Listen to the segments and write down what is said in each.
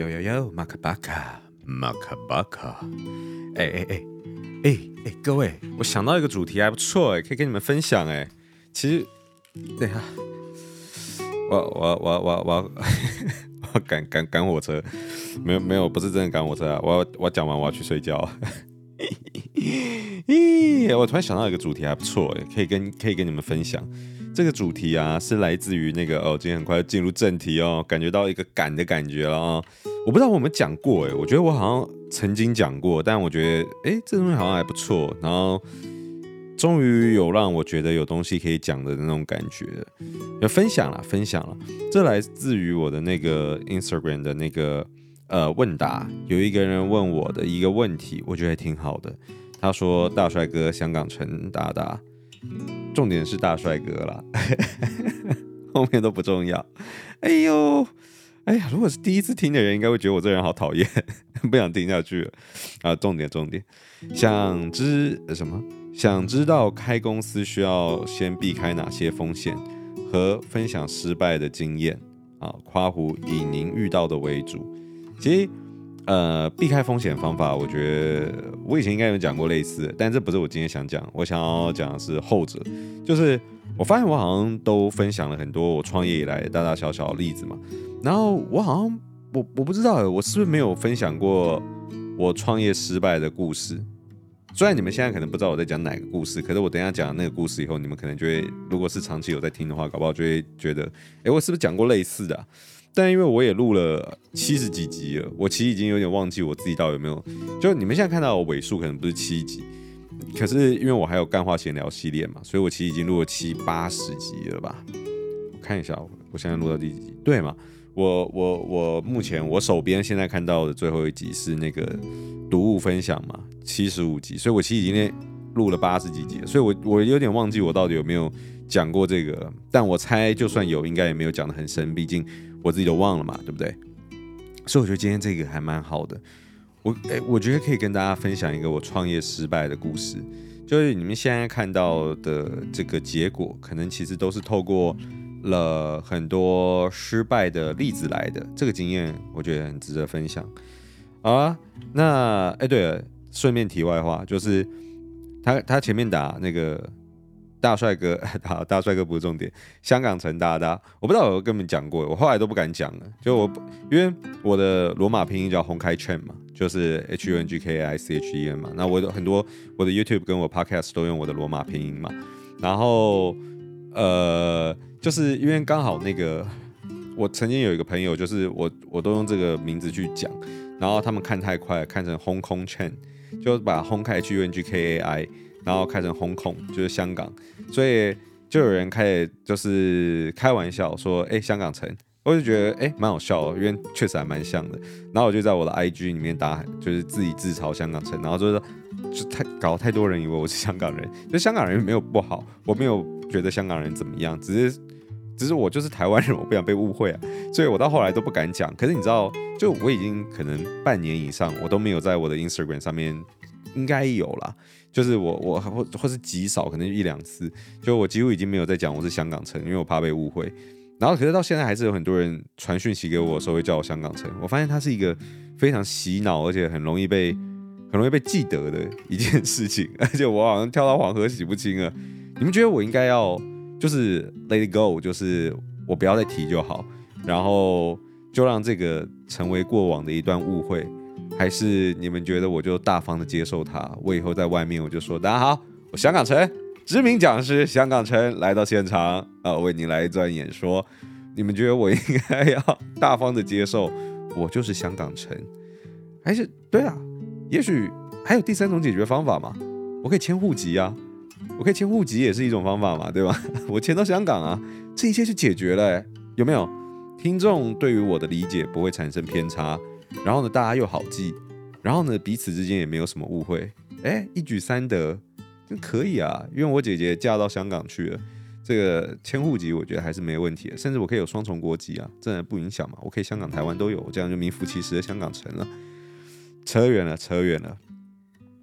有有有，瑪卡巴卡瑪卡巴卡，哎哎哎哎哎，各位，我想到一個主題還不錯哎、欸，可以跟你們分享哎、欸。其實，等下、啊，我我我我我趕趕趕火車，沒有沒有，不是真的趕火車啊。我我講完我要去睡覺。咦， 我突然想到一個主題還不錯哎、欸，可以跟可以跟你們分享。這個主題啊，是來自於那個哦，今天很快要進入正題哦，感覺到一個趕的感覺了哦。我不知道我有沒有講過哎、欸，我覺得我好像曾經講過，但我覺得哎、欸，這東西好像還不錯。然後終於有讓我覺得有東西可以講的那種感覺，要分享了，分享了。這來自於我的那個 Instagram 的那個呃問答，有一個人問我的一個問題，我覺得還挺好的。他說：“大帥哥，香港城大大重點是大帥哥啦， 後面都不重要。”哎呦。哎呀，如果是第一次聽的人，應該會覺得我這人好討厭，呵呵，不想聽下去了啊，呃，重點重點，想知什麼？想知道開公司需要先避開哪些風險和分享失敗的經驗啊？括弧以您遇到的為主。其實，呃，避開風險方法，我覺得我以前應該有講過類似，但這不是我今天想講。我想要講的是後者，就是我發現我好像都分享了很多我創業以來大大小小的例子嘛。然後我好像我我不知道，我是不是沒有分享過我創業失敗的故事？雖然你們現在可能不知道我在講哪個故事，可是我等一下講那個故事以後，你們可能就會，如果是長期有在聽的話，搞不好就會覺得，誒，我是不是講過類似的啊？但因為我也錄了七十幾集了，我其實已經有點忘記我自己到底有沒有。就你們現在看到尾數可能不是七集，可是因為我還有幹話閒聊系列嘛，所以我其實已經錄了七八十集了吧？我看一下，我現在錄到第幾集？對嘛？我我我目前我手邊現在看到的最後一集是那個讀物分享嘛，七十五集，所以我其實今天錄了八十幾集，所以我我有點忘記我到底有沒有講過這個，但我猜就算有，應該也沒有講得很深，畢竟我自己都忘了嘛，對不對？所以我覺得今天這個還蠻好的，我誒，我覺得可以跟大家分享一個我創業失敗的故事，就是你們現在看到的這個結果，可能其實都是透過了很多失敗的例子來的，這個經驗我覺得很值得分享。好啊，那誒，欸、對了，順便題外話，就是他他前面打那個大帥哥，打大帥哥不是重點，香港城大大，我不知道我有沒有跟你們講過，我後來都不敢講了。就我因為我的羅馬拼音叫洪開勸嘛，就是 H U N G K A I C H E N 嘛，那我很多我的 YouTube 跟我 Podcast 都用我的羅馬拼音嘛，然後。呃，就是因為剛好那個，我曾經有一個朋友，就是我我都用這個名字去講，然後他們看太快，看成 Hong Kong Chen，就把 “Hong” 開始去 H U N G K A I，然後看成 Hong Kong，就是香港，所以就有人開始就是開玩笑說：“哎、欸，香港城。”我就覺得哎，蠻、欸、好笑，因為確實還蠻像的。然後我就在我的 I G 裡面打，就是自己自嘲“香港城”，然後就說：“就太搞太多人以為我是香港人，就香港人沒有不好，我沒有。”覺得香港人怎麼樣？只是，只是我就是台灣人，我不想被誤會啊，所以我到後來都不敢講。可是你知道，就我已經可能半年以上，我都沒有在我的 Instagram 上面，應該有啦，就是我我或、或是極少，可能一兩次，就我幾乎已經沒有在講我是香港城，因為我怕被誤會。然後，可是到現在還是有很多人傳訊息給我說，會叫我香港城。我發現它是一個非常洗腦，而且很容易被、很容易被記得的一件事情，而且我好像跳到黃河洗不清了。你們覺得我應該要就是 let it go，就是我不要再提就好，然後就讓這個成為過往的一段誤會，還是你們覺得我就大方的接受它？我以後在外面我就說，大家好，我香港城知名講師，香港城來到現場啊，為你來一段演說。你們覺得我應該要大方的接受，我就是香港城，還是對啊，也許還有第三種解決方法嘛，我可以遷戶籍啊。我可以遷戶籍也是一種方法嘛，對吧？ 我遷到香港啊，這一切就解決了，欸，有沒有？聽眾對於我的理解不會產生偏差，然後呢，大家又好記，然後呢，彼此之間也沒有什麼誤會，哎、欸，一舉三得，可以啊。因為我姐姐嫁到香港去了，這個遷戶籍我覺得還是沒問題的，甚至我可以有雙重國籍啊，真的不影響嘛？我可以香港、台灣都有，我這樣就名副其實的香港城了。扯遠了，扯遠了。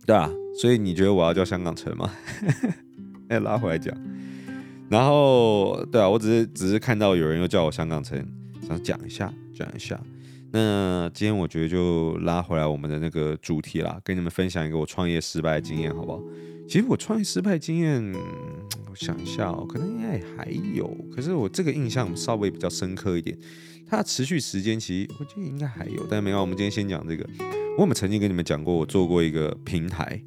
對啊，所以你覺得我要叫香港城嗎？ 哎，拉回來講，然後對啊，我只是只是看到有人又叫我香港城，想講一下講一下。那今天我覺得就拉回來我們的那個主題啦，跟你們分享一個我創業失敗的經驗，好不好？其實我創業失敗經驗，我想一下哦，可能應該還有，可是我這個印象稍微比較深刻一點。它持續時間其實，我覺得應該還有，但沒有，我們今天先講這個。我有沒有曾經跟你們講過，我做過一個平台，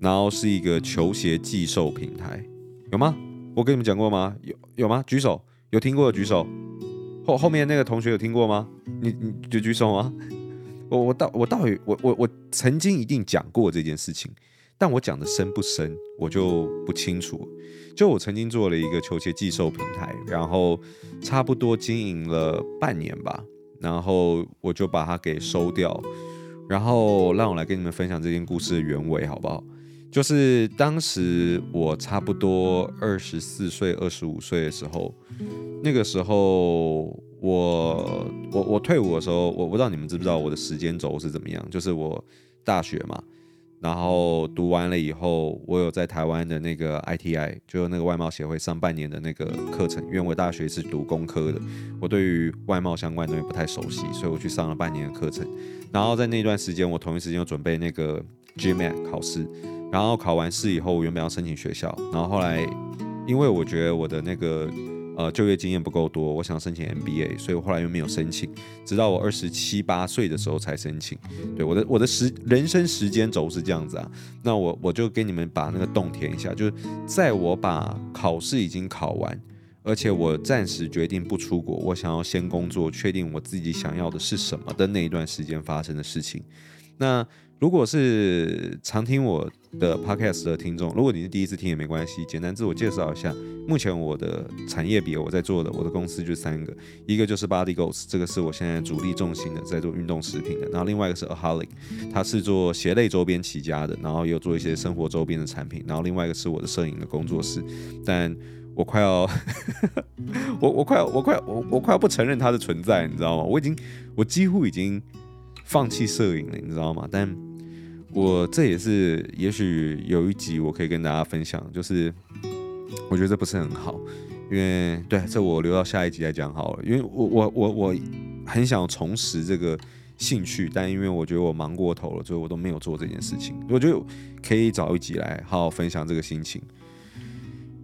然後是一個球鞋寄售平台，有嗎？我跟你們講過嗎？有有嗎？舉手。有聽過的舉手。後後面那個同學有聽過嗎？你你就舉手嗎？我我到我到底我我我曾經一定講過這件事情。但我講的深不深，我就不清楚。就我曾經做了一個球鞋寄售平台，然後差不多經營了半年吧，然後我就把它給收掉。然後讓我來跟你們分享這件故事的原委，好不好？就是當時我差不多二十四歲、二十五歲的時候，那個時候我我我退伍的時候，我不知道你們知不知道我的時間軸是怎麼樣。就是我大學嘛。然後讀完了以後，我有在台灣的那個 ITI，就是那個外貿協會，上半年的那個課程。因為我大學是讀工科的，我對於外貿相關的東西不太熟悉，所以我去上了半年的課程。然後在那段時間，我同一時間又準備那個 GMAT 考試。然後考完試以後，我原本要申請學校，然後後來因為我覺得我的那個。呃，就業經驗不夠多，我想申請 MBA，所以我後來又沒有申請，直到我二十七八歲的時候才申請。對，我的我的時人生時間軸是這樣子啊，那我我就給你們把那個洞填一下，就是在我把考試已經考完，而且我暫時決定不出國，我想要先工作，確定我自己想要的是什麼的那一段時間發生的事情，那。如果是常聽我的 podcast 的聽眾，如果你是第一次聽也沒關係，簡單自我介紹一下。目前我的產業別，我在做的，我的公司就三個，一個就是 Body Goals，這個是我現在主力重心的，在做運動食品的。然後另外一個是 A Holic，它是做鞋類周邊起家的，然後又有做一些生活周邊的產品。然後另外一個是我的攝影的工作室，但我快要 我，我我快要，我快要我快要我快要不承認它的存在，你知道嗎？我已經我幾乎已經放棄攝影了，你知道嗎？但我這也是，也許有一集我可以跟大家分享，就是我覺得這不是很好，因為對，這我留到下一集再講好了。因為我我我我很想重拾這個興趣，但因為我覺得我忙過頭了，所以我都沒有做這件事情。我覺得可以找一集來好好分享這個心情。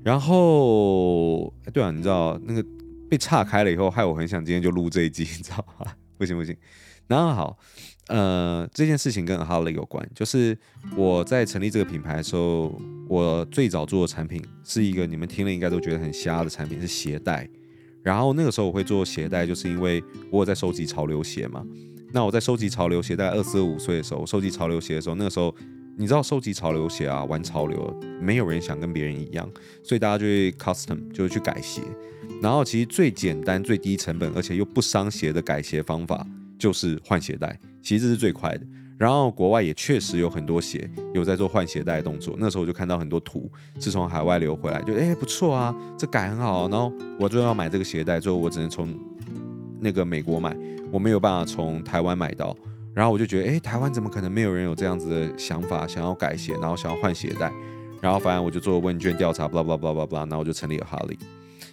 然後，對啊，你知道那個被岔開了以後，害我很想今天就錄這一集，你知道嗎？不行不行，那好。呃，這件事情跟 Harley 有關，就是我在成立這個品牌的時候，我最早做的產品是一個你們聽了應該都覺得很瞎的產品，是鞋帶。然後那個時候我會做鞋帶，就是因為我有在收集潮流鞋嘛。那我在收集潮流鞋，在二十五歲的時候，我收集潮流鞋的時候，那個時候你知道收集潮流鞋啊，玩潮流，沒有人想跟別人一樣，所以大家就會 custom 就會去改鞋。然後其實最簡單、最低成本，而且又不傷鞋的改鞋方法。就是換鞋帶，其實是最快的。然後國外也確實有很多鞋有在做換鞋帶的動作。那時候我就看到很多圖，是從海外流回來，就哎、欸、不錯啊，這改很好。然後我就要買這個鞋帶，最後我只能從那個美國買，我沒有辦法從台灣買到。然後我就覺得，哎、欸，台灣怎麼可能沒有人有這樣子的想法，想要改鞋，然後想要換鞋帶？然後反正我就做問卷調查，blah blah blah blah，然後我就成立了哈利。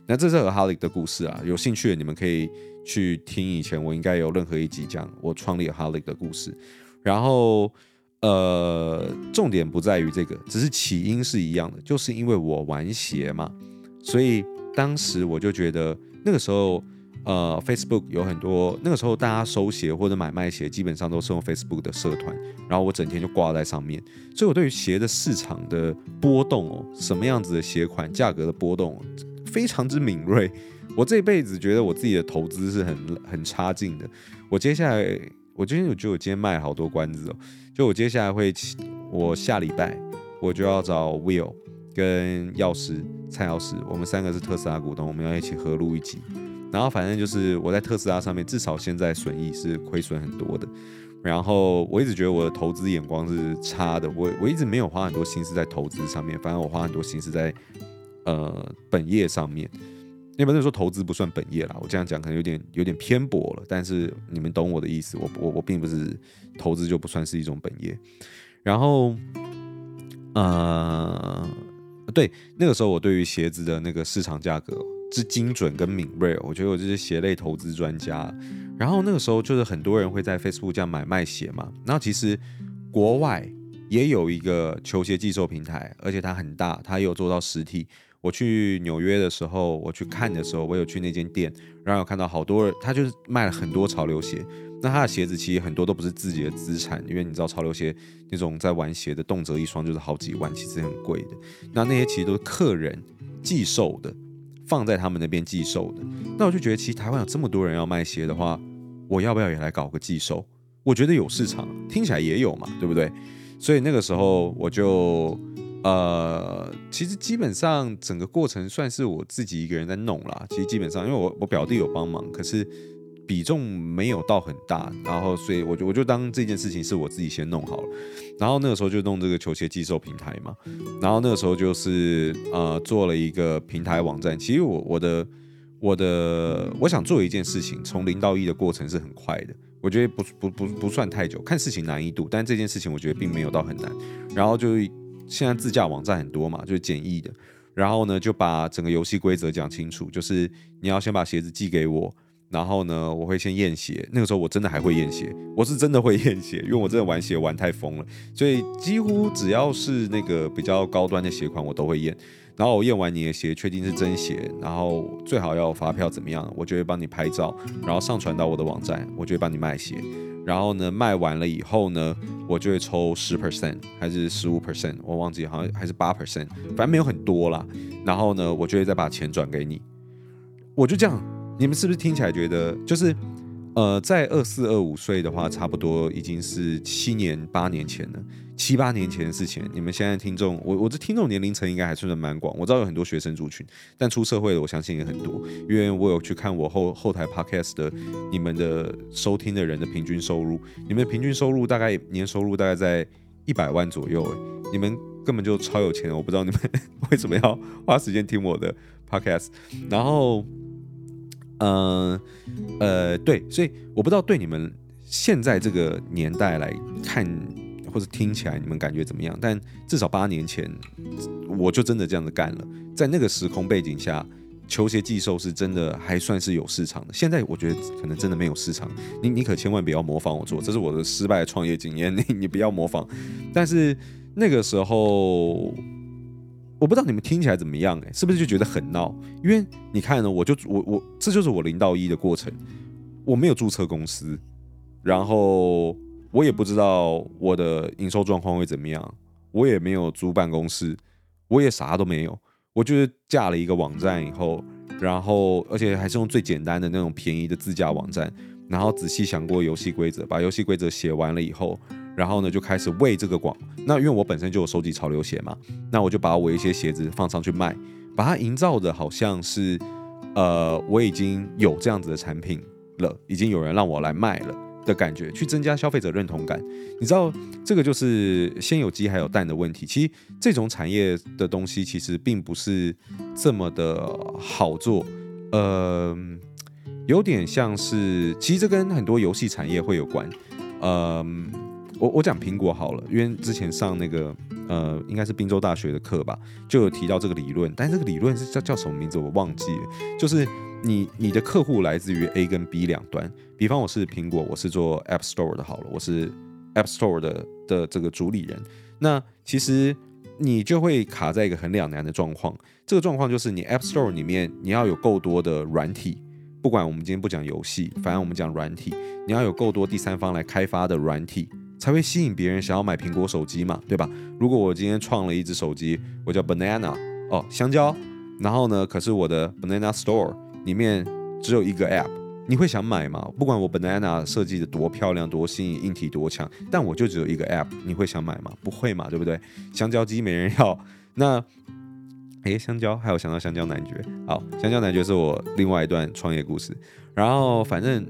那這是和哈利的故事啊，有興趣的你們可以。去聽以前我應該有任何一集講我創立 Holic 的故事，然後呃，重點不在於這個，只是起因是一樣的，就是因為我玩鞋嘛，所以當時我就覺得那個時候呃，Facebook 有很多，那個時候大家收鞋或者買賣鞋，基本上都是用 Facebook 的社團，然後我整天就掛在上面，所以我對於鞋的市場的波動哦，什麼樣子的鞋款價格的波動，非常之敏銳。我這一輩子覺得我自己的投資是很很差勁的。我接下來，我今天我覺得我今天賣好多關子哦。就我接下來會，我下禮拜我就要找 Will 跟藥師蔡藥師，我們三個是特斯拉股東，我們要一起合錄一集。然後反正就是我在特斯拉上面，至少現在損益是虧損很多的。然後我一直覺得我的投資眼光是差的，我我一直沒有花很多心思在投資上面，反正我花很多心思在呃本業上面。因為不是說投資不算本業啦，我這樣講可能有點有點偏頗了，但是你們懂我的意思。我我我並不是投資就不算是一種本業。然後，呃，對，那個時候我對於鞋子的那個市場價格之精準跟敏銳，我覺得我就是鞋類投資專家。然後那個時候就是很多人會在 Facebook 這樣買賣鞋嘛。然後其實國外也有一個球鞋寄售平台，而且它很大，它有做到實體。我去紐約的時候，我去看的時候，我有去那間店，然後有看到好多人，他就是賣了很多潮流鞋。那他的鞋子其實很多都不是自己的資產，因為你知道潮流鞋那種在玩鞋的，動輒一雙就是好幾萬，其實很貴的。那那些其實都是客人寄售的，放在他們那邊寄售的。那我就覺得，其實台灣有這麼多人要賣鞋的話，我要不要也來搞個寄售？我覺得有市場，聽起來也有嘛，對不對？所以那個時候我就。呃，其實基本上整個過程算是我自己一個人在弄啦。其實基本上，因為我我表弟有幫忙，可是比重沒有到很大。然後，所以我就我就當這件事情是我自己先弄好了。然後那個時候就弄這個球鞋寄售平台嘛。然後那個時候就是呃做了一個平台網站。其實我我的我的我想做一件事情，從零到一的過程是很快的。我覺得不不不不算太久，看事情難易度。但這件事情我覺得並沒有到很難。然後就。現在自架網站很多嘛，就是簡易的。然後呢，就把整個遊戲規則講清楚，就是你要先把鞋子寄給我，然後呢，我會先驗鞋。那個時候我真的還會驗鞋，我是真的會驗鞋，因為我真的玩鞋玩太瘋了，所以幾乎只要是那個比較高端的鞋款，我都會驗。然後我驗完你的鞋，確定是真鞋，然後最好要發票怎麼樣？我就會幫你拍照，然後上傳到我的網站，我就會幫你賣鞋。然後呢，賣完了以後呢，我就會抽十 percent 還是十五 percent，我忘記，好像還是八 percent，反正沒有很多啦。然後呢，我就會再把錢轉給你，我就這樣。你們是不是聽起來覺得就是？呃，在二四二五歲的話，差不多已經是七年八年前了，七八年前的事情。你們現在聽眾，我我的聽眾年齡層應該還算蠻廣。我知道有很多學生族群，但出社會的我相信也很多，因為我有去看我後後台 podcast 的你們的收聽的人的平均收入，你們的平均收入大概年收入大概在一百萬左右，誒，你們根本就超有錢，我不知道你們 為什麼要花時間聽我的 podcast，然後。嗯、呃，呃，對，所以我不知道對你們現在這個年代來看，或是聽起來你們感覺怎麼樣？但至少八年前，我就真的這樣子幹了。在那個時空背景下，球鞋寄售是真的還算是有市場的。現在我覺得可能真的沒有市場。你你可千萬不要模仿我做，這是我的失敗的創業經驗。你你不要模仿。但是那個時候。我不知道你們聽起來怎麼樣哎、欸，是不是就覺得很鬧？因為你看呢，我就我我這就是我零到一的過程，我沒有註冊公司，然後我也不知道我的營收狀況會怎麼樣，我也沒有租辦公室，我也啥都沒有，我就是架了一個網站以後，然後而且還是用最簡單的那種便宜的自架網站，然後仔細想過遊戲規則，把遊戲規則寫完了以後。然後呢，就開始為這個廣。那因為我本身就有收集潮流鞋嘛，那我就把我一些鞋子放上去賣，把它營造的好像是，呃，我已經有這樣子的產品了，已經有人讓我來賣了的感覺，去增加消費者認同感。你知道，這個就是先有雞還有蛋的問題。其實這種產業的東西，其實並不是這麼的好做，呃，有點像是，其實這跟很多遊戲產業會有關，嗯、呃。我我講蘋果好了，因為之前上那個呃，應該是賓州大學的課吧，就有提到這個理論。但這個理論是叫叫什麼名字？我忘記了。就是你你的客戶來自於 A 跟 B 兩端。比方我是蘋果，我是做 App Store 的，好了，我是 App Store 的的這個主理人。那其實你就會卡在一個很兩難的狀況。這個狀況就是你 App Store 裡面你要有夠多的軟體，不管我們今天不講遊戲，反正我們講軟體，你要有夠多第三方來開發的軟體，才會吸引別人想要買蘋果手機嘛，對吧？如果我今天創了一只手機，我叫 Banana 哦，香蕉，然後呢，可是我的 Banana Store 裡面只有一個 app，你會想買嗎？不管我 Banana 設計的多漂亮、多新穎、硬體多強，但我就只有一個 app，你會想買嗎？不會嘛，對不對？香蕉機沒人要。那，哎，香蕉，還有想到香蕉男爵。好，香蕉男爵是我另外一段創業故事。然後反正。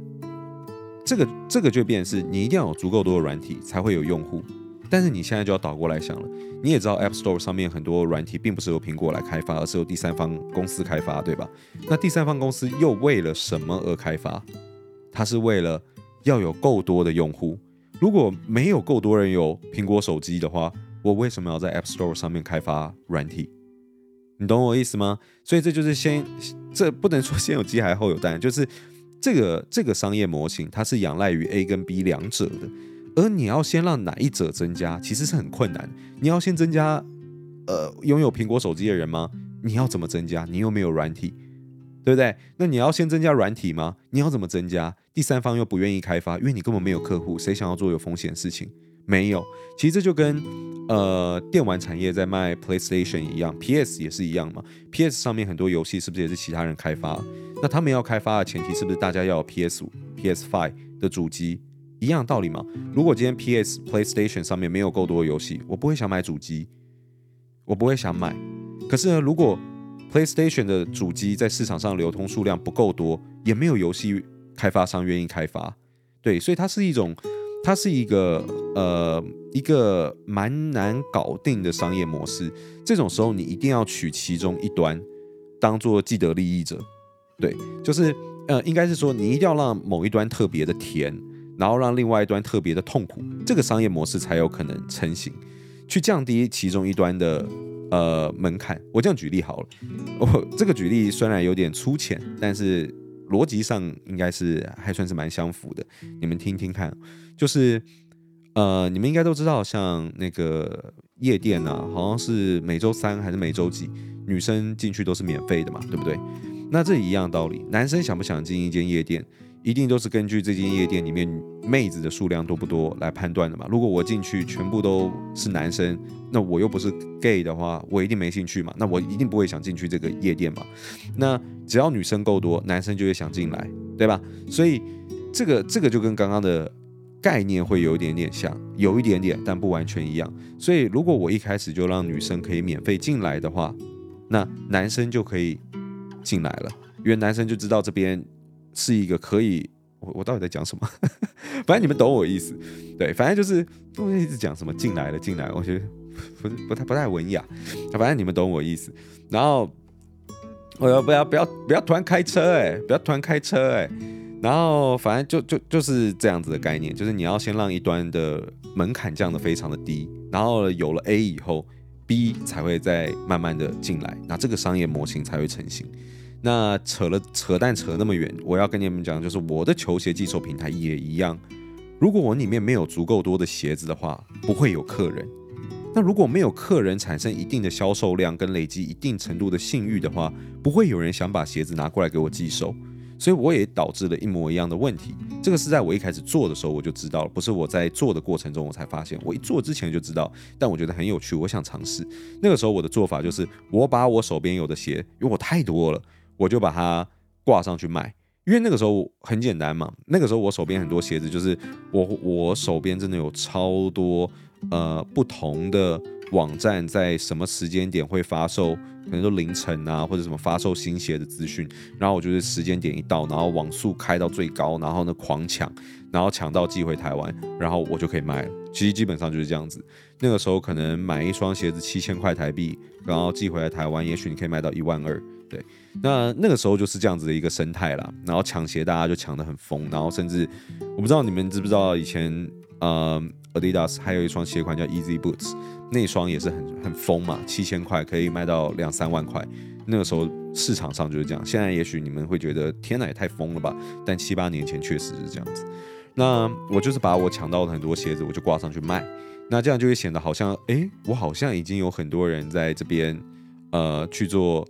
這個這個就變是，你一定要有足夠多的軟體才會有用戶，但是你現在就要倒過來想了。你也知道 App Store 上面很多軟體並不是由蘋果來開發，而是由第三方公司開發，對吧？那第三方公司又為了什麼而開發？它是為了要有夠多的用戶。如果沒有夠多人有蘋果手機的話，我為什麼要在 App Store 上面開發軟體？你懂我意思嗎？所以這就是先，這不能說先有雞還後有蛋，就是。這個這個商業模型，它是仰賴於 A 跟 B 兩者的，而你要先讓哪一者增加，其實是很困難。你要先增加，呃，擁有蘋果手機的人嗎？你要怎麼增加？你又沒有軟體，對不對？那你要先增加軟體嗎？你要怎麼增加？第三方又不願意開發，因為你根本沒有客戶，誰想要做有風險的事情？沒有，其實這就跟呃電玩產業在賣 PlayStation 一樣，PS 也是一樣嘛。PS 上面很多遊戲是不是也是其他人開發？那他們要開發的前提是不是大家要有 PS5 PS5 的主機？一樣道理嘛。如果今天 PS PlayStation 上面沒有夠多的遊戲，我不會想買主機，我不會想買。可是呢，如果 PlayStation 的主機在市場上流通數量不夠多，也沒有遊戲開發商願意開發，對，所以它是一種。它是一個呃一個蠻難搞定的商業模式。這種時候，你一定要取其中一端，當做既得利益者，對，就是呃，應該是說你一定要讓某一端特別的甜，然後讓另外一端特別的痛苦，這個商業模式才有可能成型。去降低其中一端的呃門檻。我這樣舉例好了，我這個舉例雖然有點粗淺，但是邏輯上應該是還算是蠻相符的。你們聽聽看。就是，呃，你們應該都知道，像那個夜店吶，好像是每周三還是每周幾，女生進去都是免費的嘛，對不對？那這一樣道理，男生想不想進一間夜店，一定都是根據這間夜店裡面妹子的數量多不多來判斷的嘛。如果我進去全部都是男生，那我又不是 gay 的話，我一定沒興趣嘛，那我一定不會想進去這個夜店嘛。那只要女生夠多，男生就會想進來，對吧？所以這個這個就跟剛剛的。概念會有一點點像，有一點點，但不完全一樣。所以，如果我一開始就讓女生可以免費進來的話，那男生就可以進來了，因為男生就知道這邊是一個可以……我我到底在講什麼？ 反正你們懂我意思。對，反正就是中間一直講什麼進來了，進來了，我覺得不是不太不太文雅。反正你們懂我意思。然後，我要不要不要不要突然開車？哎，不要突然開車，欸？哎、欸。然後反正就就就是這樣子的概念，就是你要先讓一端的門檻降得非常的低，然後有了 A 以後，B 才會再慢慢的進來，那這個商業模型才會成型。那扯了扯淡扯那麼遠，我要跟你們講，就是我的球鞋寄售平台也一樣，如果我裡面沒有足夠多的鞋子的話，不會有客人。那如果沒有客人產生一定的銷售量跟累積一定程度的信譽的話，不會有人想把鞋子拿過來給我寄售。所以我也導致了一模一樣的問題，這個是在我一開始做的時候我就知道了，不是我在做的過程中我才發現，我一做之前就知道。但我覺得很有趣，我想嘗試。那個時候我的做法就是，我把我手邊有的鞋，因為我太多了，我就把它掛上去賣。因為那個時候很簡單嘛，那個時候我手邊很多鞋子，就是我我手邊真的有超多呃不同的。網站在什麼時間點會發售？可能都凌晨啊，或者什麼發售新鞋的資訊。然後我就是時間點一到，然後網速開到最高，然後呢狂搶，然後搶到寄回台灣，然後我就可以賣了。其實基本上就是這樣子。那個時候可能買一雙鞋子七千塊台幣，然後寄回來台灣，也許你可以賣到一萬二。對，那那個時候就是這樣子的一個生態啦。然後搶鞋大家就搶得很瘋，然後甚至我不知道你們知不知道以前呃 Adidas 還有一雙鞋款叫 Yeezy Boost。那雙也是很很瘋嘛，七千塊可以賣到兩三萬塊。那個時候市場上就是這樣。現在也許你們會覺得天吶，也太瘋了吧。但七八年前確實是這樣子。那我就是把我搶到的很多鞋子，我就掛上去賣。那這樣就會顯得好像，誒、欸，我好像已經有很多人在這邊，呃，去做，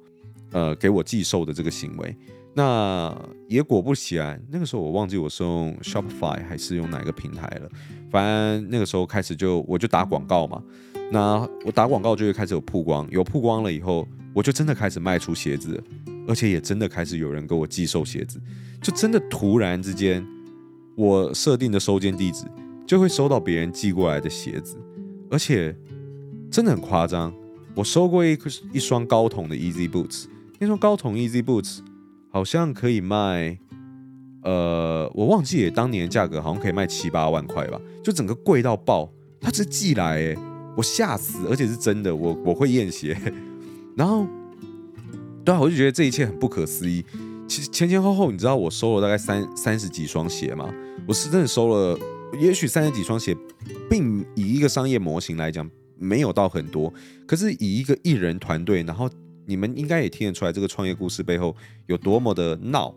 呃，給我寄售的這個行為。那也果不其然，那個時候我忘記我是用 Shopify 還是用哪個平台了。反正那個時候開始就我就打廣告嘛。那我打廣告就會開始有曝光，有曝光了以後，我就真的開始賣出鞋子，而且也真的開始有人給我寄售鞋子，就真的突然之間，我設定的收件地址就會收到別人寄過來的鞋子，而且真的很誇張，我收過一一雙高筒的 Easy Boots，那雙高筒 Easy Boots 好像可以賣，呃，我忘記當年價格好像可以賣七八萬塊吧，就整個貴到爆，他是寄來誒、欸。我嚇死，而且是真的，我我會驗鞋， 然後，對啊，我就覺得這一切很不可思議。其實前前後後，你知道我收了大概三三十幾雙鞋嗎？我是真的收了，也許三十幾雙鞋，並以一個商業模型來講，沒有到很多，可是以一個藝人團隊，然後你們應該也聽得出來，這個創業故事背後有多麼的鬧。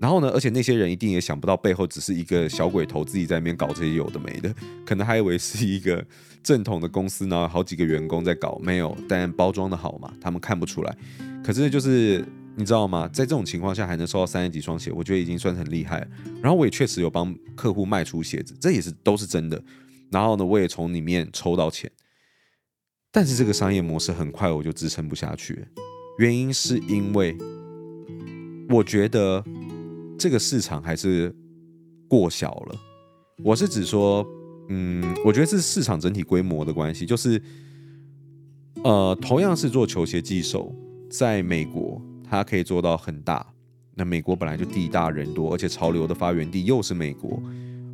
然後呢，而且那些人一定也想不到背後只是一個小鬼頭自己在那邊搞這些有的沒的，可能還以為是一個正統的公司呢，好幾個員工在搞，沒有，但包裝的好嘛，他們看不出來。可是就是你知道嗎？在這種情況下還能收到三十幾雙鞋，我覺得已經算很厲害了。然後我也確實有幫客戶賣出鞋子，這也是都是真的。然後呢，我也從裡面抽到錢，但是這個商業模式很快我就支撐不下去了，原因是因為我覺得。這個市場還是過小了，我是指說，嗯，我覺得是市場整體規模的關係，就是，呃，同樣是做球鞋寄售，在美國它可以做到很大。那美國本來就地大人多，而且潮流的發源地又是美國，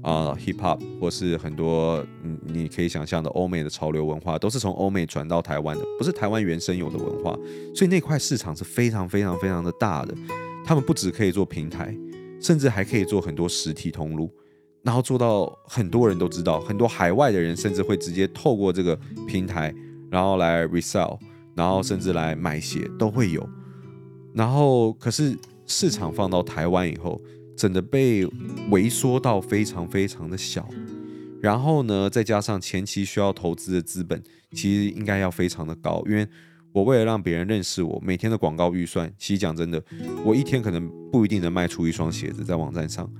啊，呃，hip hop 或是很多你，嗯，你可以想象的歐美的潮流文化都是從歐美傳到台灣的，不是台灣原生有的文化，所以那塊市場是非常非常非常的大的，他們不只可以做平台，甚至還可以做很多實體通路，然後做到很多人都知道，很多海外的人甚至會直接透過這個平台，然後來 resell，然後甚至來買鞋都會有。然後，可是市場放到台灣以後，真的被萎縮到非常非常的小。然後呢，再加上前期需要投資的資本，其實應該要非常的高，因為。我為了讓別人認識我，每天的廣告預算，其實講真的，我一天可能不一定能賣出一雙鞋子在網站上。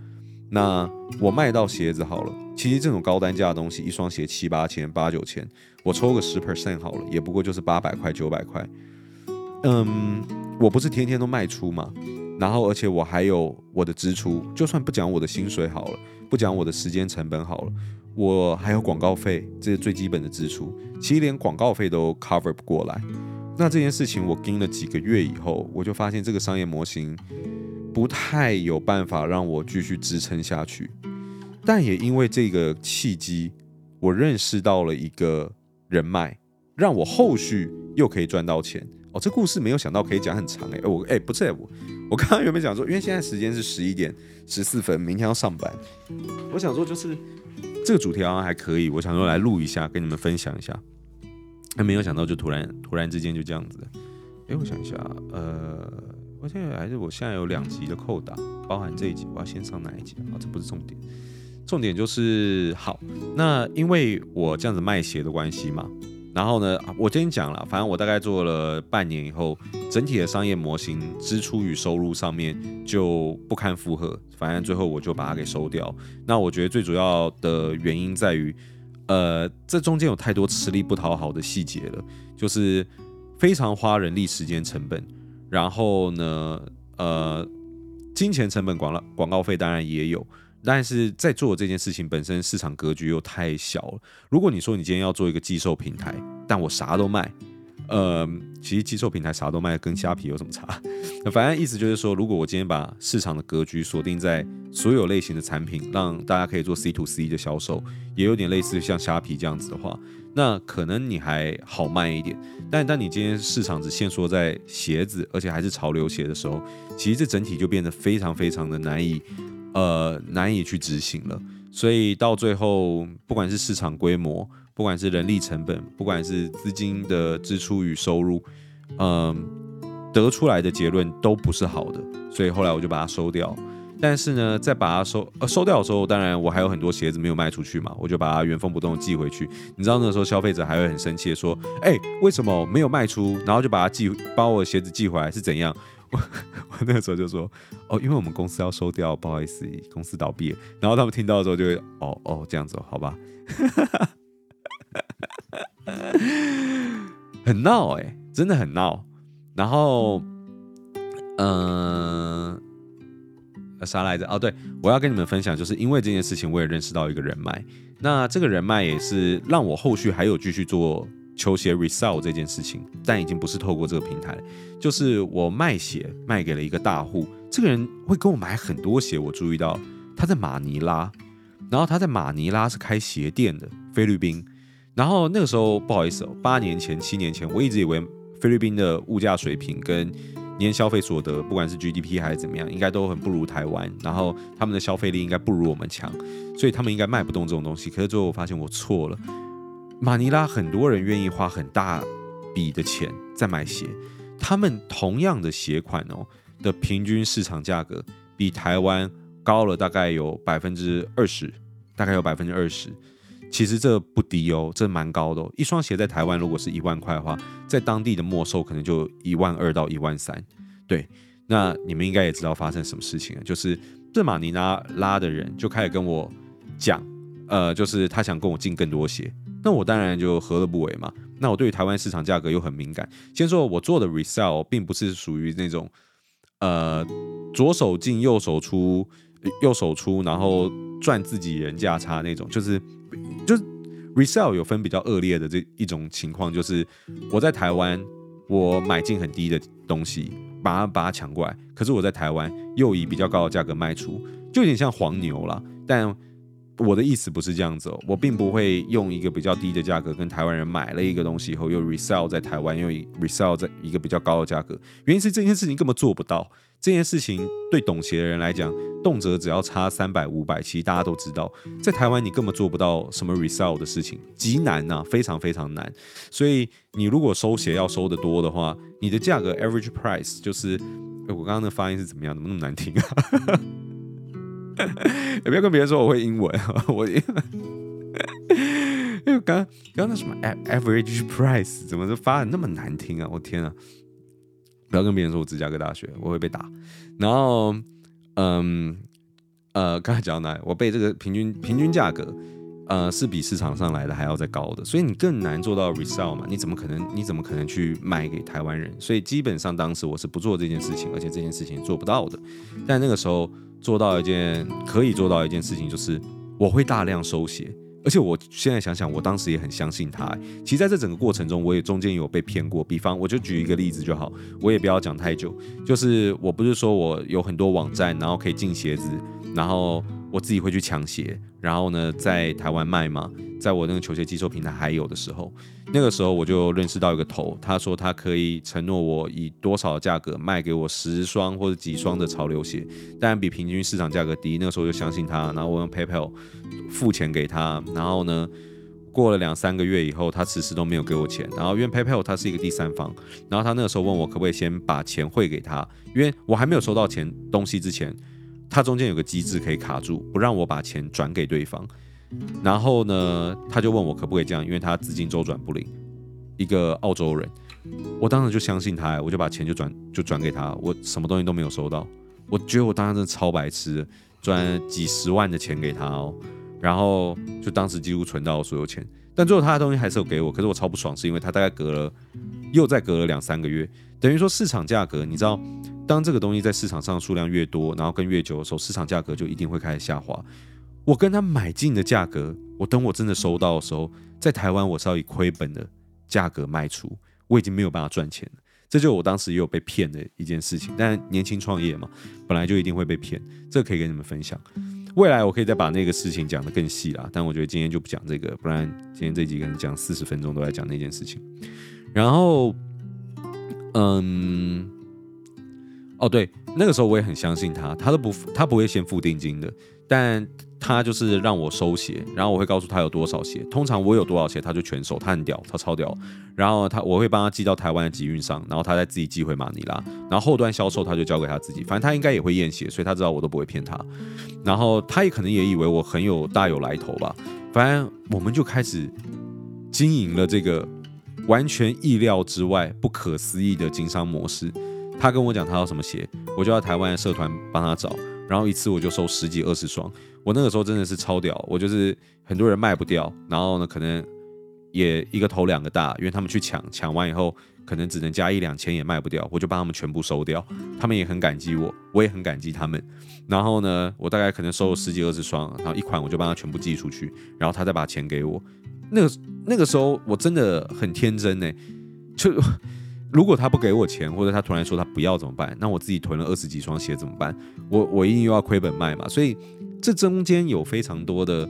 那我賣到鞋子好了，其實這種高單價的東西，一雙鞋七八千、八九千，我抽個十 percent 好了，也不過就是八百塊、九百塊。嗯，我不是天天都賣出嘛，然後而且我還有我的支出，就算不講我的薪水好了，不講我的時間成本好了，我還有廣告費，這些最基本的支出，其實連廣告費都 cover 不過來。那這件事情我盯了幾個月以後，我就發現這個商業模型不太有辦法讓我繼續支撐下去。但也因為這個契機，我認識到了一個人脈，讓我後續又可以賺到錢。哦，這故事沒有想到可以講很長誒、欸。哎、欸，我誒、欸，不是誒、欸，我，我剛剛原本想說，因為現在時間是十一點十四分，明天要上班。我想說就是這個主題好像還可以，我想說來錄一下，跟你們分享一下。還沒有想到，就突然突然之間就這樣子。誒，我想一下，呃，我現在還是我現在有兩集的扣打，包含這一集。我要先上哪一集啊、哦？這不是重點，重點就是好。那因為我這樣子賣鞋的關係嘛，然後呢，我今天講了，反正我大概做了半年以後，整體的商業模型支出與收入上面就不堪負荷，反正最後我就把它給收掉。那我覺得最主要的原因在於。呃，這中間有太多吃力不討好的細節了，就是非常花人力、時間成本，然後呢，呃，金錢成本，廣告廣告費當然也有，但是在做這件事情本身，市場格局又太小了。如果你說你今天要做一個寄售平台，但我啥都賣。呃，其實寄售平台啥都賣，跟蝦皮有什麼差？那反正意思就是說，如果我今天把市場的格局鎖定在所有類型的產品，讓大家可以做 C to C 的銷售，也有點類似像蝦皮這樣子的話，那可能你還好賣一點。但當你今天市場只限縮在鞋子，而且還是潮流鞋的時候，其實這整體就變得非常非常的難以，呃，難以去執行了。所以到最後，不管是市場規模，不管是人力成本，不管是資金的支出與收入，嗯，得出來的結論都不是好的，所以後來我就把它收掉。但是呢，在把它收呃收掉的時候，當然我還有很多鞋子沒有賣出去嘛，我就把它原封不動的寄回去。你知道那個時候消費者還會很生氣的說：“哎、欸，為什麼沒有賣出？然後就把它寄把我鞋子寄回來是怎樣？”我我那個時候就說：“哦，因為我們公司要收掉，不好意思，公司倒閉了。”然後他們聽到的時候就會：“哦哦，這樣子好吧。 ” 很鬧哎、欸，真的很鬧。然後，嗯、呃，啥來着？哦，對，我要跟你們分享，就是因為這件事情，我也認識到一個人脈。那這個人脈也是讓我後續還有繼續做球鞋 resell 這件事情，但已經不是透過這個平台，就是我賣鞋賣給了一個大戶。這個人會跟我買很多鞋，我注意到他在馬尼拉，然後他在馬尼拉是開鞋店的，菲律賓。然後那個時候不好意思哦，八年前、七年前，我一直以為菲律賓的物價水平跟年消費所得，不管是 GDP 還是怎麼樣，應該都很不如台灣，然後他們的消費力應該不如我們強，所以他們應該賣不動這種東西。可是最後我發現我錯了，馬尼拉很多人願意花很大筆的錢在買鞋，他們同樣的鞋款哦的平均市場價格比台灣高了大概有百分之二十，大概有百分之二十。其實這不低哦，這蠻高的哦，一雙鞋在台灣如果是一萬塊的話，在當地的末售可能就一萬二到一萬三。對，那你們應該也知道發生什麼事情了，就是這馬尼拉拉的人就開始跟我講，呃，就是他想跟我進更多鞋，那我當然就何樂不為嘛。那我對於台灣市場價格又很敏感，先說我做的 resell 並不是屬於那種呃左手進右手出，右手出然後賺自己人價差那種，就是。Resell 有分比較惡劣的這一種情況，就是我在台灣，我買進很低的東西，把它把它搶過來，可是我在台灣又以比較高的價格賣出，就有點像黃牛啦。但我的意思不是這樣子喔，我並不會用一個比較低的價格跟台灣人買了一個東西以後又 Resell 在台灣，又 Resell 在一個比較高的價格，原因是這件事情根本做不到。這件事情對懂鞋的人來講，動輒只要差三百五百，其實大家都知道，在台灣你根本做不到什麼 resale 的事情，極難啊，非常非常難。所以你如果收鞋要收得多的話，你的價格 average price 就是我剛剛的發音是怎麼樣，怎麼那麼難聽啊？ 也不要跟別人說我會英文啊，我因為剛剛，剛剛那什麼 average price 怎麼就發的那麼難聽啊！我天啊！不要跟別人說我芝加哥大學，我會被打。然後，嗯，呃，剛才講到哪？我被這個平均平均價格，呃，是比市場上來的還要再高的，所以你更難做到 resell 嘛？你怎麼可能？你怎麼可能去賣給台灣人？所以基本上當時我是不做這件事情，而且這件事情做不到的。但那個時候做到一件可以做到一件事情，就是我會大量收鞋。而且我現在想想，我當時也很相信他欸。其實在這整個過程中，我也中間有被騙過。比方，我就舉一個例子就好，我也不要講太久。就是我不是說我有很多網站，然後可以進鞋子，然後。我自己會去搶鞋，然後呢，在台灣賣嘛，在我那個球鞋寄售平台還有的時候，那個時候我就認識到一個頭，他說他可以承諾我以多少的價格賣給我十雙或者幾雙的潮流鞋，但比平均市場價格低。那個時候就相信他，然後我用 PayPal 付錢給他，然後呢，過了兩三個月以後，他遲遲都沒有給我錢，然後因為 PayPal 他是一個第三方，然後他那個時候問我可不可以先把錢匯給他，因為我還沒有收到錢東西之前。他中間有個機製可以卡住，不讓我把錢轉給對方。然後呢，他就問我可不可以這樣，因為他資金周轉不靈。一個澳洲人，我當時就相信他，我就把錢就轉就轉給他，我什麼東西都沒有收到。我覺得我當時真的超白痴，轉幾十萬的錢給他哦。然後就當時幾乎存到我所有錢，但最後他的東西還是有給我，可是我超不爽，是因為他大概隔了又再隔了兩三個月，等於說市場價格，你知道。當這個東西在市場上的數量越多，然後跟越久的時候，市場價格就一定會開始下滑。我跟他買進的價格，我等我真的收到的時候，在台灣我是要以虧本的價格賣出，我已經沒有辦法賺錢了。這就是我當時也有被騙的一件事情。但年輕創業嘛，本來就一定會被騙。這個、可以跟你們分享。未來我可以再把那個事情講得更細了，但我覺得今天就不講這個，不然今天這集可能講四十分鐘都在講那件事情。然後，嗯。哦，對，那個時候我也很相信他，他都不他不會先付定金的，但他就是讓我收鞋，然後我會告訴他有多少鞋，通常我有多少鞋，他就全收，他很屌，他超屌，然後他我會幫他寄到台灣的集運商，然後他再自己寄回馬尼拉，然後後端銷售他就交給他自己，反正他應該也會驗鞋，所以他知道我都不會騙他，然後他也可能也以為我很有大有來頭吧，反正我們就開始經營了這個完全意料之外、不可思議的經商模式。他跟我講他要什麼鞋，我就要台灣的社團幫他找，然後一次我就收十幾二十雙，我那個時候真的是超屌，我就是很多人賣不掉，然後呢可能也一個頭兩個大，因為他們去搶搶完以後可能只能加一兩千也賣不掉，我就幫他們全部收掉，他們也很感激我，我也很感激他們，然後呢我大概可能收了十幾二十雙，然後一款我就幫他全部寄出去，然後他再把錢給我，那個那個時候我真的很天真呢、欸，就。如果他不給我錢，或者他突然說他不要怎麼辦？那我自己囤了二十幾雙鞋怎麼辦？我我一定又要虧本賣嘛。所以這中間有非常多的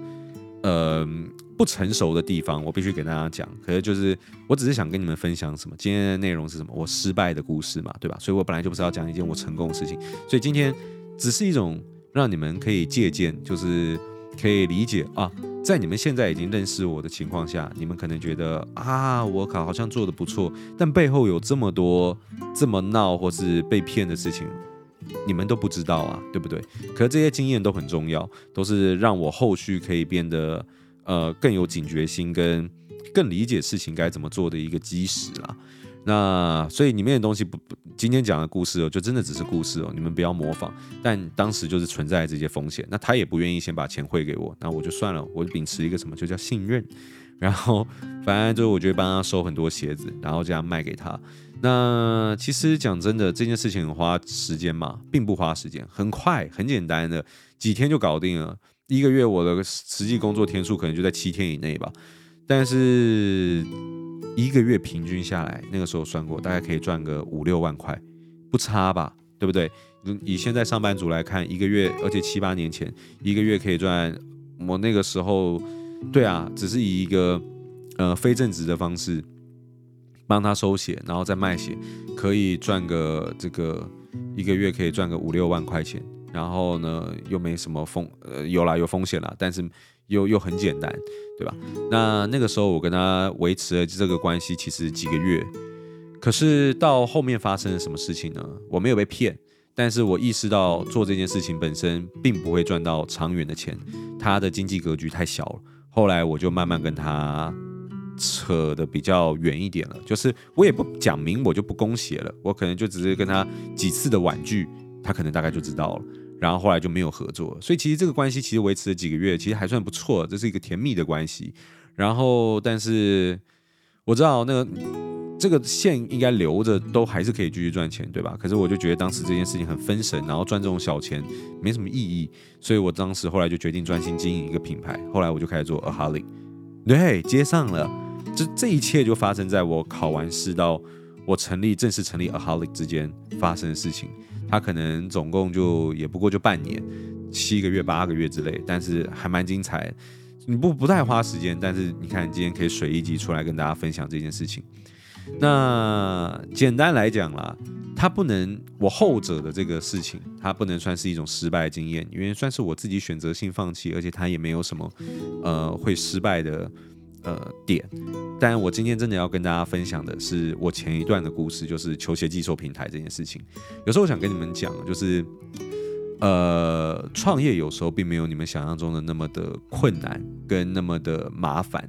呃不成熟的地方，我必須給大家講。可是就是我只是想跟你們分享什麼？今天的內容是什麼？我失敗的故事嘛，對吧？所以我本來就不是要講一件我成功的事情。所以今天只是一種讓你們可以借鑑，就是。可以理解啊，在你們現在已經認識我的情況下，你們可能覺得啊，我靠，好像做得不錯，但背後有這麼多這麼鬧或是被騙的事情，你們都不知道啊，對不對？可是這些經驗都很重要，都是讓我後續可以變得呃更有警覺心，跟更理解事情該怎麼做的一個基石啦。那所以裡面的東西不不，今天講的故事哦，就真的只是故事哦，你們不要模仿。但當時就是存在的這些風險，那他也不願意先把錢匯給我，那我就算了，我就秉持一個什麼就叫信任，然後反正就我就會幫他收很多鞋子，然後這樣賣給他。那其實講真的，這件事情很花時間嘛，並不花時間，很快很簡單的，幾天就搞定了，一個月我的實際工作天數可能就在七天以內吧，但是。一個月平均下來，那個時候算過，大概可以賺個五六萬塊，不差吧？對不對？以現在上班族來看，一個月，而且七八年前，一個月可以賺。我那個時候，對啊，只是以一個呃非正職的方式幫他收血，然後再賣血，可以賺個這個一個月可以賺個五六萬塊錢。然後呢，又沒什麼風，呃，有啦，有風險啦，但是。又又很簡單，對吧？那那個時候我跟他維持了這個關係，其實幾個月。可是到後面發生了什麼事情呢？我沒有被騙，但是我意識到做這件事情本身並不會賺到長遠的錢，他的經濟格局太小了。後來我就慢慢跟他扯得比較遠一點了，就是我也不講明，我就不攻寫了，我可能就只是跟他幾次的婉拒，他可能大概就知道了。然後後來就沒有合作，所以其實這個關係其實維持了幾個月，其實還算不錯，這是一個甜蜜的關係。然後，但是我知道那個這個線應該留着，都還是可以繼續賺錢，對吧？可是我就覺得當時這件事情很分神，然後賺這種小錢沒什麼意義，所以我當時後來就決定專心經營一個品牌。後來我就開始做 Aholic，對，接上了。這這一切就發生在我考完試到我成立正式成立 Aholic 之間發生的事情。他可能總共就也不過就半年、七個月、八個月之類，但是還蠻精彩的。你不不太花時間，但是你看今天可以水一集出來跟大家分享這件事情。那簡單來講啦，他不能我後者的這個事情，他不能算是一種失敗經驗，因為算是我自己選擇性放棄，而且他也沒有什麼呃會失敗的。呃點，但我今天真的要跟大家分享的是我前一段的故事，就是球鞋寄售平台這件事情。有時候我想跟你們講，就是呃創業有時候並沒有你們想象中的那麼的困難跟那麼的麻煩。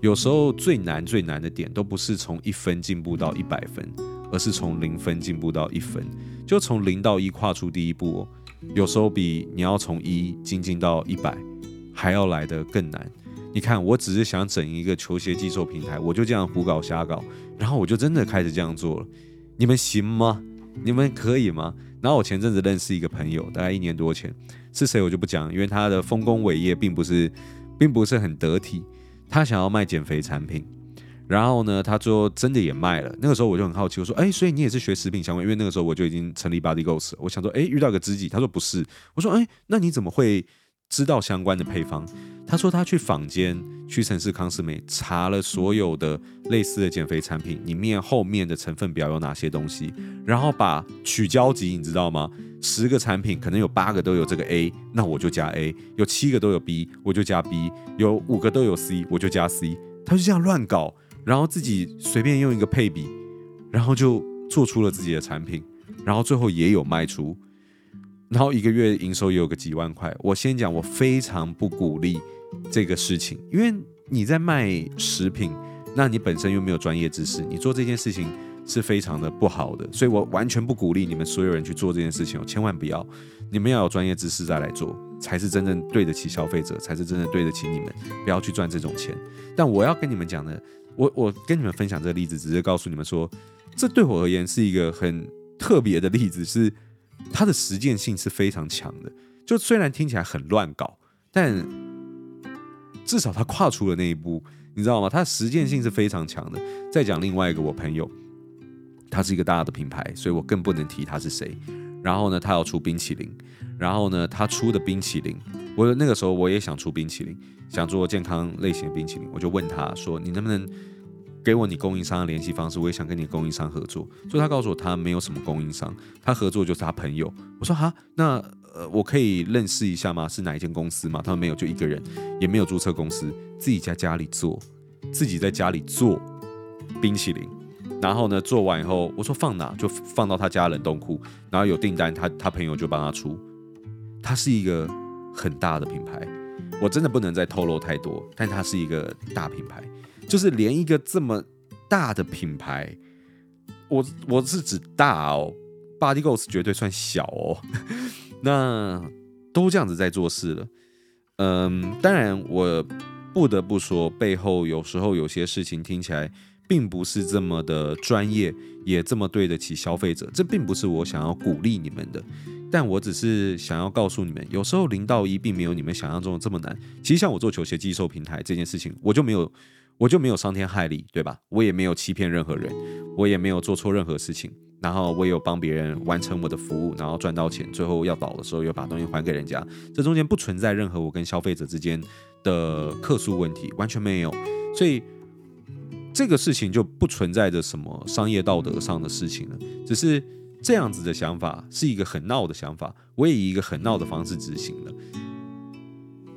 有時候最難最難的點都不是從一分進步到一百分，而是從零分進步到一分，就從零到一跨出第一步哦，有時候比你要從一進進到一百還要來的更難。你看，我只是想整一個球鞋寄售平台，我就這樣胡搞瞎搞，然後我就真的開始這樣做了。你們行嗎？你們可以嗎？然後我前陣子認識一個朋友，大概一年多前，是誰我就不講，因為他的豐功偉業並不是，並不是很得體。他想要賣減肥產品，然後呢，他說真的也賣了。那個時候我就很好奇，我說：哎、欸，所以你也是學食品相關？因為那個時候我就已經成立 Body Goals 我想說：哎、欸，遇到個知己。他說不是，我說：哎、欸，那你怎麼會？知道相關的配方，他說他去坊間、去屈臣氏康是美，查了所有的類似的減肥產品裡面後面的成分表有哪些東西，然後把取交集，你知道嗎？十個產品可能有八個都有這個 A，那我就加 A；有七個都有 B，我就加 B；有五個都有 C，我就加 C。他就這樣亂搞，然後自己隨便用一個配比，然後就做出了自己的產品，然後最後也有賣出。然後一個月營收也有個幾萬塊。我先講，我非常不鼓勵這個事情，因為你在賣食品，那你本身又沒有專業知識，你做這件事情是非常的不好的。所以我完全不鼓勵你們所有人去做這件事情哦，千萬不要。你們要有專業知識再來做，才是真正對得起消費者，才是真正對得起你們。不要去賺這種錢。但我要跟你們講的，我我跟你們分享這個例子，只是告訴你們說，這對我而言是一個很特別的例子，是。他的實踐性是非常強的，就雖然聽起來很亂搞，但至少他跨出了那一步，你知道嗎？他的實踐性是非常強的。再講另外一個，我朋友，他是一個大的品牌，所以我更不能提他是誰。然後呢，他要出冰淇淋，然後呢，他出的冰淇淋，我那個時候我也想出冰淇淋，想做健康類型的冰淇淋，我就問他說：“你能不能？”給我你供應商的聯繫方式，我也想跟你供應商合作。所以他告訴我他沒有什麼供應商，他合作就是他朋友。我說，哈，那呃我可以認識一下嗎？是哪一間公司嗎？他們沒有，就一個人，也沒有註冊公司，自己在家裡做，自己在家裡做冰淇淋。然後呢，做完以後，我說放哪？就放到他家冷凍庫。然後有訂單，他他朋友就幫他出。他是一個很大的品牌。我真的不能再透露太多，但它是一個大品牌，就是連一個這麼大的品牌，我我是指大哦，BodyGo 是絕對算小哦， 那都這樣子在做事了，嗯，當然我不得不說，背後有時候有些事情聽起來。並不是這麼的專業，也這麼對得起消費者，這並不是我想要鼓勵你們的，但我只是想要告訴你們，有時候零到一並沒有你們想象中的這麼難。其實像我做球鞋寄售平台這件事情，我就沒有，我就沒有傷天害理，對吧？我也沒有欺騙任何人，我也沒有做錯任何事情。然後我也有幫別人完成我的服務，然後賺到錢，最後要倒的時候又把東西還給人家，這中間不存在任何我跟消費者之間的客訴問題，完全沒有。所以。這個事情就不存在着什麼商業道德上的事情了，只是這樣子的想法是一個很鬧的想法，我也以一個很鬧的方式執行了。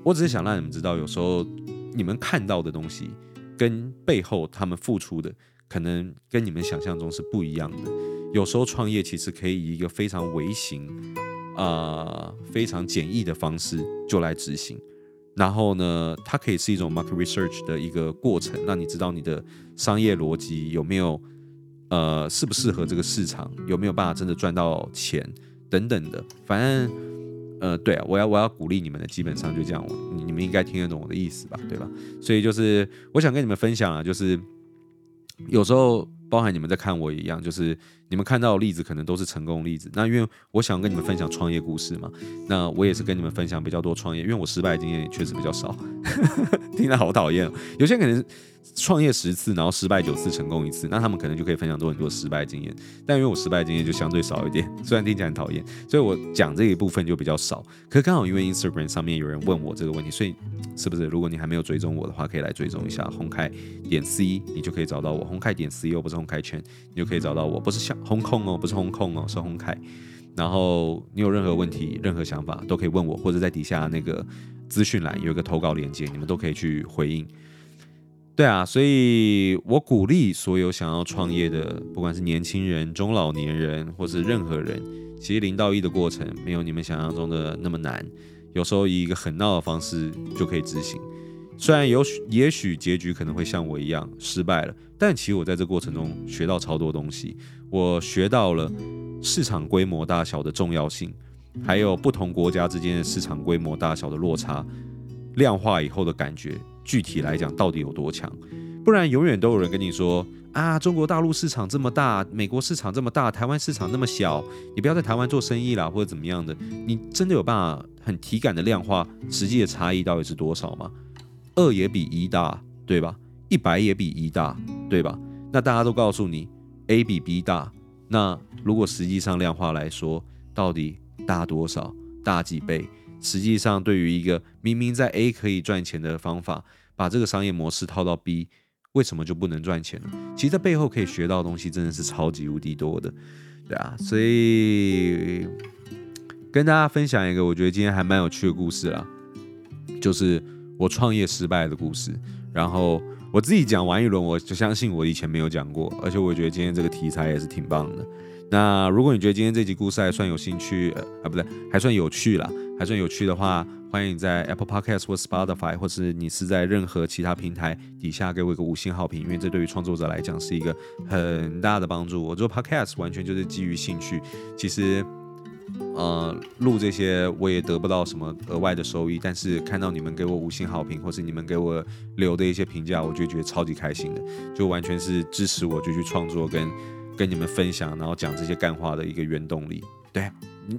我只是想讓你們知道，有時候你們看到的東西跟背後他們付出的，可能跟你們想象中是不一樣的。有時候創業其實可以以一個非常微型、啊、呃、非常簡易的方式就來執行。然後呢，它可以是一種 market research 的一個過程，讓你知道你的商業邏輯有沒有，呃，適不適合這個市場，有沒有辦法真的賺到錢等等的。反正，呃，對啊，我要我要鼓勵你們的，基本上就這樣，你，你們應該聽得懂我的意思吧，對吧？所以就是我想跟你們分享啊，就是有時候包含你們在看我一樣，就是。你們看到的例子可能都是成功例子，那因為我想跟你們分享創業故事嘛，那我也是跟你們分享比較多創業，因為我失敗的經驗也確實比較少， 聽得好討厭喔。有些人可能創業十次，然後失敗九次，成功一次，那他們可能就可以分享多很多失敗經驗。但因為我失敗經驗就相對少一點，雖然聽起來很討厭，所以我講這一部分就比較少。可剛好因為 Instagram 上面有人問我這個問題，所以是不是如果你還沒有追蹤我的話，可以來追蹤一下紅開點 C，你就可以找到我。紅開點 C 又不是紅開圈，你就可以找到我，不是想。轟控哦，不是轟控哦，是轟凱。然後你有任何問題、任何想法，都可以問我，或者在底下那個資訊欄有一個投稿鏈接，你們都可以去回應。對啊，所以我鼓勵所有想要創業的，不管是年輕人、中老年人，或是任何人，其實零到一的過程沒有你們想象中的那麼難。有時候以一個很鬧的方式就可以執行。雖然有許也許結局可能會像我一樣失敗了，但其實我在這過程中學到超多東西。我學到了市場規模大小的重要性，還有不同國家之間的市場規模大小的落差。量化以後的感覺，具體來講到底有多強？不然永遠都有人跟你說啊，中國大陸市場這麼大，美國市場這麼大，台灣市場那麼小，你不要在台灣做生意啦，或者怎麼樣的。你真的有辦法很體感的量化實際的差異到底是多少嗎？二也比一大，對吧？一百也比一大，對吧？那大家都告訴你，A 比 B 大。那如果實際上量化來說，到底大多少？大幾倍？實際上，對於一個明明在 A 可以賺錢的方法，把這個商業模式套到 B，為什麼就不能賺錢？其實，在背後可以學到的東西真的是超級無敵多的，對啊。所以跟大家分享一個我覺得今天還蠻有趣的故事啦，就是。我創業失敗的故事，然後我自己講完一輪，我就相信我以前沒有講過，而且我覺得今天這個題材也是挺棒的。那如果你覺得今天這集故事還算有興趣，呃、啊，不對，還算有趣啦，還算有趣的話，歡迎你在 Apple Podcast 或 Spotify，或是你是在任何其他平台底下給我一個五星好評，因為這對於創作者來講是一個很大的幫助。我做 Podcast 完全就是基於興趣，其實。呃，錄這些我也得不到什麼額外的收益，但是看到你們給我五星好評，或是你們給我留的一些評價，我就覺得超級開心的，就完全是支持我，就去創作跟跟你們分享，然後講這些幹話的一個原動力。對，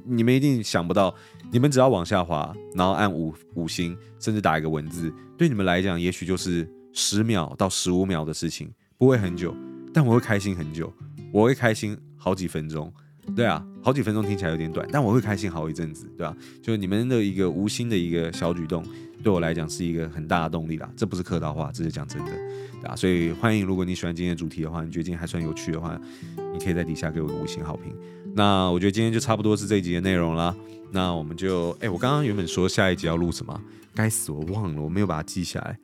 你們一定想不到，你們只要往下滑，然後按五五星，甚至打一個文字，對你們來講，也許就是十秒到十五秒的事情，不會很久，但我會開心很久，我會開心好幾分鐘。對啊。好幾分鐘聽起來有點短，但我會開心好一陣子，對吧？就你們的一個無心的一個小舉動，對我來講是一個很大的動力啦。這不是客套話，這是講真的，對啊。所以歡迎，如果你喜歡今天的主題的話，你覺得今天還算有趣的話，你可以在底下給我個五星好評。那我覺得今天就差不多是這一集的內容啦。那我們就，誒，我剛剛原本說下一集要錄什麼，該死我，我忘了，我沒有把它記下來。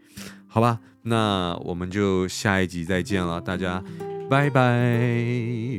好吧，那我們就下一集再見了，大家拜拜。